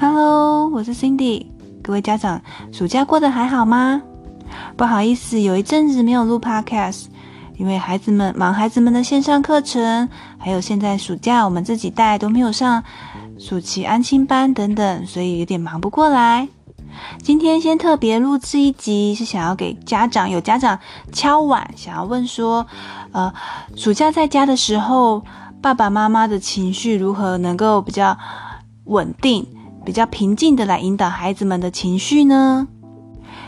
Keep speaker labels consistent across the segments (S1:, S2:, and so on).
S1: 哈嘍，Hello, 我是 Cindy。各位家長，暑假過得還好嗎？不好意思，有一陣子沒有錄 Podcast，因為孩子們忙，孩子們的線上課程，還有現在暑假我們自己帶都沒有上，暑期安親班等等，所以有點忙不過來。今天先特別錄製一集，是想要給家長，有家長敲碗，想要問說，呃，暑假在家的時候，爸爸媽媽的情緒如何能夠比較穩定？比較平靜的來引導孩子們的情緒呢？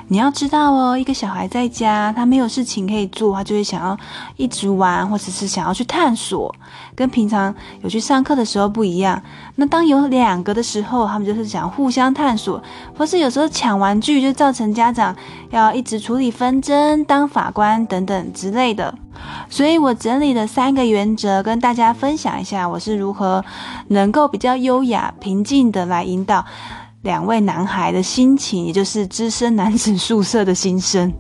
S1: 你要知道哦，一個小孩在家，他沒有事情可以做，他就會想要一直玩，或者是想要去探索。跟平常有去上課的時候不一樣，那當有兩個的時候，他們就是想互相探索，或是有時候搶玩具，就造成家長要一直處理紛爭，當法官等等之類的。所以我整理了三個原則跟大家分享一下，我是如何能夠比較優雅、平靜的來引導兩位男孩的心情，也就是資深男子宿舍的心聲。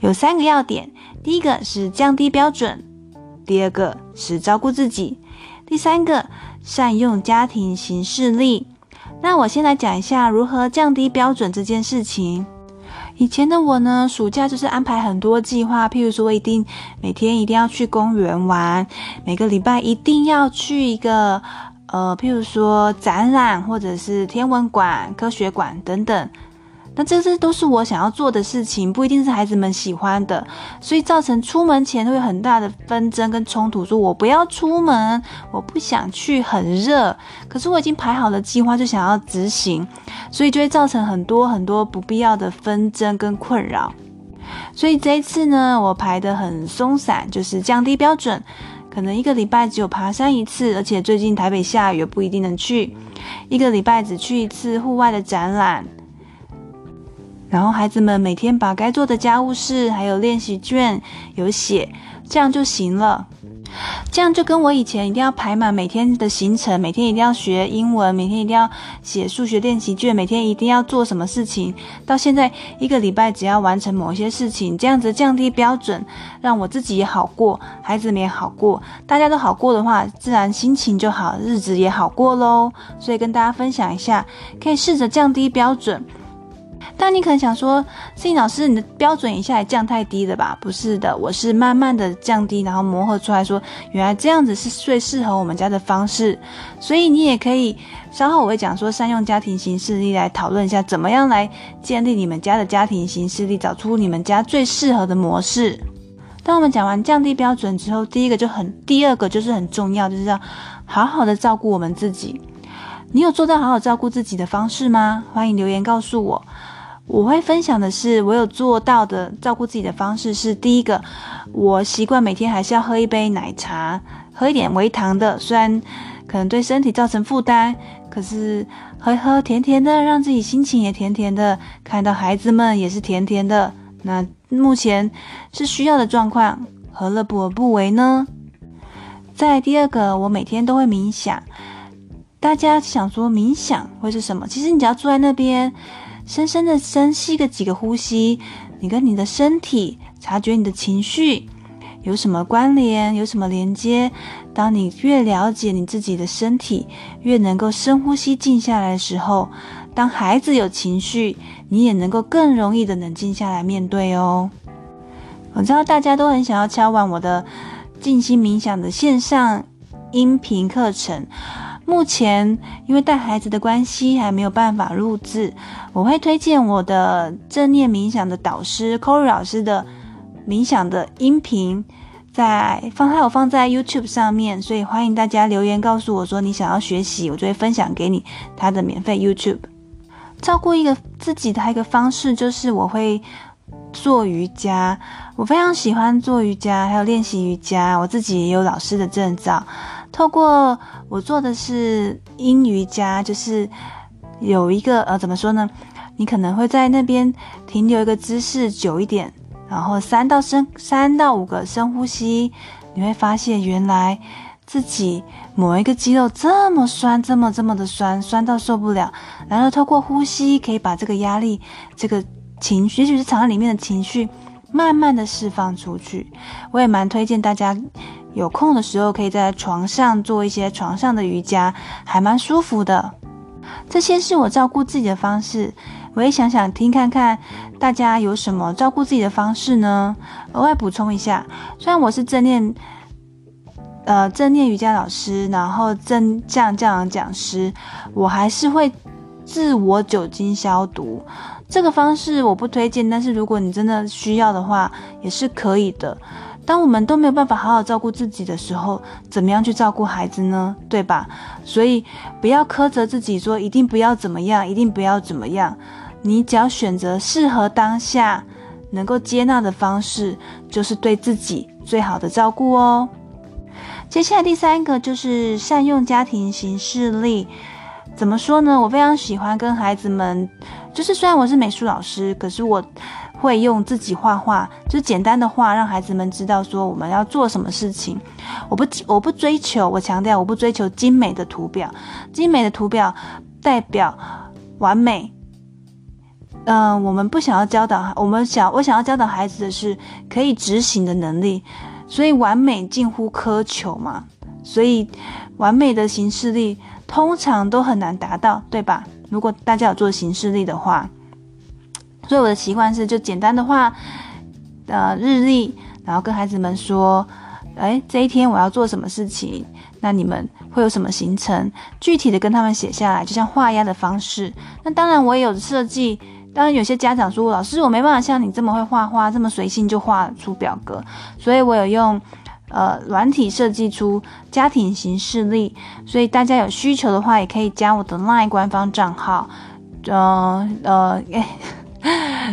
S1: 有三個要點：第一個是降低標準，第二個是照顧自己，第三個善用家庭行事曆。那我先來講一下如何降低標準這件事情。以前的我呢，暑假就是安排很多計劃，譬如說一定每天一定要去公園玩，每個禮拜一定要去一個，呃，譬如說展覽或者是天文館、科學館等等。那這些都是我想要做的事情，不一定是孩子們喜歡的，所以造成出門前會有很大的紛爭跟衝突。說我不要出門，我不想去，很熱。可是我已經排好了計劃，就想要執行，所以就會造成很多很多不必要的紛爭跟困擾。所以這一次呢，我排得很鬆散，就是降低標準，可能一個禮拜只有爬山一次，而且最近台北下雨，也不一定能去。一個禮拜只去一次戶外的展覽。然後孩子們每天把該做的家務事，還有練習卷有寫，這樣就行了。這樣就跟我以前一定要排滿每天的行程，每天一定要學英文，每天一定要寫數學練習卷，每天一定要做什麼事情，到現在一個禮拜只要完成某些事情，這樣子降低標準，讓我自己也好過，孩子們也好過，大家都好過的話，自然心情就好，日子也好過嘍。所以跟大家分享一下，可以試着降低標準。但你可能想說，Cindy 老師，你的標準一下也降太低了吧？不是的，我是慢慢的降低，然後磨合出來說，原來這樣子是最適合我們家的方式。所以你也可以稍後我會講說，善用家庭行事曆來討論一下，怎麼樣來建立你們家的家庭行事曆，找出你們家最適合的模式。當我們講完降低標準之後，第一個就很，第二個就是很重要，就是要好好的照顧我們自己。你有做到好好照顧自己的方式嗎？歡迎留言告訴我。我會分享的是，我有做到的照顧自己的方式是：第一個，我習慣每天還是要喝一杯奶茶，喝一點微糖的，雖然可能對身體造成負擔，可是喝一喝甜甜的，讓自己心情也甜甜的，看到孩子們也是甜甜的。那目前是需要的狀況，何樂而不為呢？再第二個，我每天都會冥想。大家想說冥想會是什麼？其實你只要坐在那邊，深深的深吸個幾個呼吸，你跟你的身體察覺你的情緒有什麼關聯，有什麼連接？當你越了解你自己的身體，越能夠深呼吸、靜下來的時候，當孩子有情緒，你也能夠更容易的冷靜下來面對哦。我知道大家都很想要敲碗我的靜心冥想的線上音頻課程。目前因為帶孩子的關係，還沒有辦法錄製。我會推薦我的正念冥想的導師 Corey 老師的冥想的音頻，在放還有放在 YouTube 上面，所以歡迎大家留言告訴我，說你想要學習，我就會分享給你他的免費 YouTube。照顧一個自己的一個方式，就是我會做瑜伽，我非常喜歡做瑜伽，還有練習瑜伽，我自己也有老師的證照。透過我做的是陰瑜伽，就是有一個呃，怎麼說呢？你可能會在那邊停留一個姿勢久一點，然後三到深三到五個深呼吸，你會發現原來自己某一個肌肉這麼酸，這麼這麼的酸，酸到受不了。然後透過呼吸，可以把這個壓力、這個情緒，也許是藏在裡面的情緒，慢慢的釋放出去。我也蠻推薦大家。有空的時候可以在床上做一些床上的瑜伽，還蠻舒服的。這些是我照顧自己的方式。我也想想聽看看大家有什麼照顧自己的方式呢？額外補充一下，雖然我是正念，呃，正念瑜伽老師，然後正向教養講師，我還是會自我酒精消毒。這個方式我不推薦，但是如果你真的需要的話，也是可以的。當我們都沒有辦法好好照顧自己的時候，怎麼樣去照顧孩子呢？對吧？所以不要苛責自己，說一定不要怎麼樣，一定不要怎麼樣。你只要選擇適合當下能夠接納的方式，就是對自己最好的照顧哦。接下來第三個就是善用家庭行事曆。怎麼說呢？我非常喜歡跟孩子們，就是雖然我是美術老師，可是我。會用自己畫畫，就是簡單的畫，讓孩子們知道說我們要做什麼事情。我不我不追求，我強調我不追求精美的圖表，精美的圖表代表完美。嗯、呃，我們不想要教導我們想我想要教導孩子的是可以執行的能力，所以完美近乎苛求嘛，所以完美的行事曆通常都很難達到，對吧？如果大家有做行事曆的話。所以我的習慣是，就簡單的畫，呃，日曆，然後跟孩子們說，哎、欸，這一天我要做什麼事情，那你們會有什麼行程？具體的跟他們寫下來，就像畫押的方式。那當然我也有設計，當然有些家長說，老師我沒辦法像你這麼會畫畫，這麼隨性就畫出表格，所以我有用，呃，軟體設計出家庭行事曆，所以大家有需求的話，也可以加我的 LINE 官方賬號，嗯呃，誒、呃欸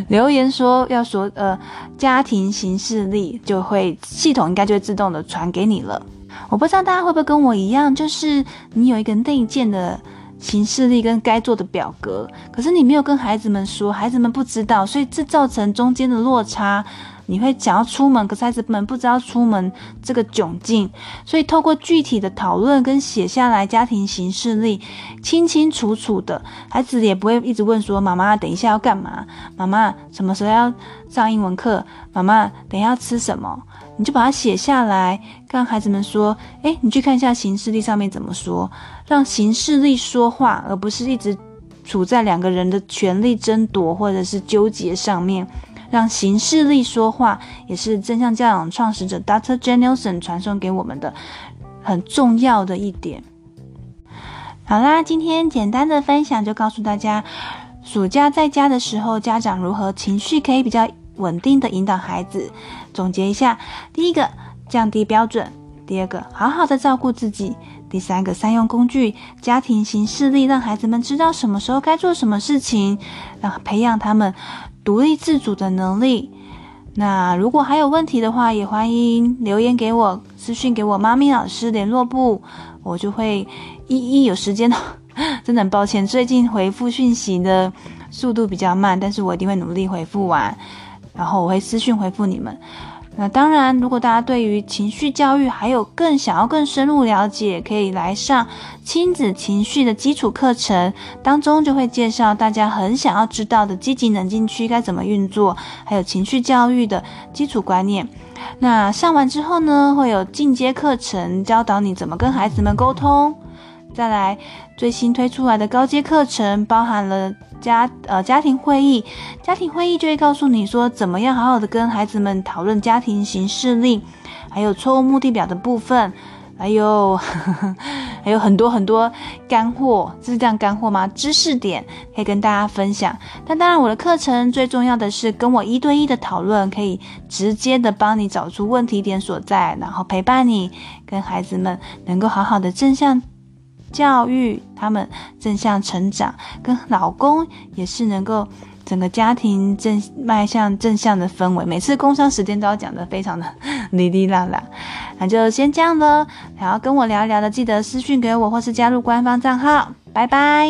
S1: 留言說要說，呃，家庭行事曆，就會，系統應該就會自動的傳給你了。我不知道大家會不會跟我一樣，就是你有一個內建的行事曆跟該做的表格，可是你沒有跟孩子們說，孩子們不知道，所以這造成中間的落差。你會想要出門，可是孩子們不知道出門這個窘境，所以透過具體的討論跟寫下來家庭行事曆清清楚楚的，孩子也不會一直問說：“媽媽，等一下要幹嘛？媽媽什麼時候要上英文課？媽媽等一下要吃什麼？”你就把它寫下來，跟孩子們說：“哎，你去看一下行事曆上面怎麼說，讓行事曆說話，而不是一直處在兩個人的權力爭奪或者是糾結上面。”讓形式力說話，也是真向教養創始者 Dr. j a n e s s o n 傳授給我們的很重要的一點。好啦，今天簡單的分享就告訴大家，暑假在家的時候，家長如何情緒可以比較穩定的引導孩子。總結一下：第一個，降低標準；第二個，好好的照顧自己；第三個，善用工具，家庭形式力，讓孩子們知道什麼時候該做什麼事情，然後培養他們。獨立自主的能力。那如果還有問題的話，也歡迎留言給我，私訊給我媽咪老師聯絡簿，我就會一一有時間。真的很抱歉，最近回復訊息的速度比較慢，但是我一定會努力回復完，然後我會私訊回復你們。那當然，如果大家對於情緒教育還有更想要更深入了解，可以來上親子情緒的基礎課程，當中就會介紹大家很想要知道的積極冷靜區該怎麼運作，還有情緒教育的基礎觀念。那上完之後呢，會有進階課程教導你怎麼跟孩子們溝通。再來最新推出來的高階課程，包含了家呃家庭會議，家庭會議就會告訴你說怎麼樣好好的跟孩子們討論家庭行事曆，還有錯誤目的表的部分，還有呵呵還有很多很多乾貨，是這樣乾貨嗎？知識點可以跟大家分享。但當然，我的課程最重要的是跟我一對一的討論，可以直接的幫你找出問題點所在，然後陪伴你跟孩子們能夠好好的正向。教育他們正向成長，跟老公也是能夠整個家庭正邁向正向的氛圍。每次工商時間都要講得非常的哩 哩啦啦，那就先這樣咯。想要跟我聊一聊的，記得私訊給我，或是加入官方賬號。拜拜。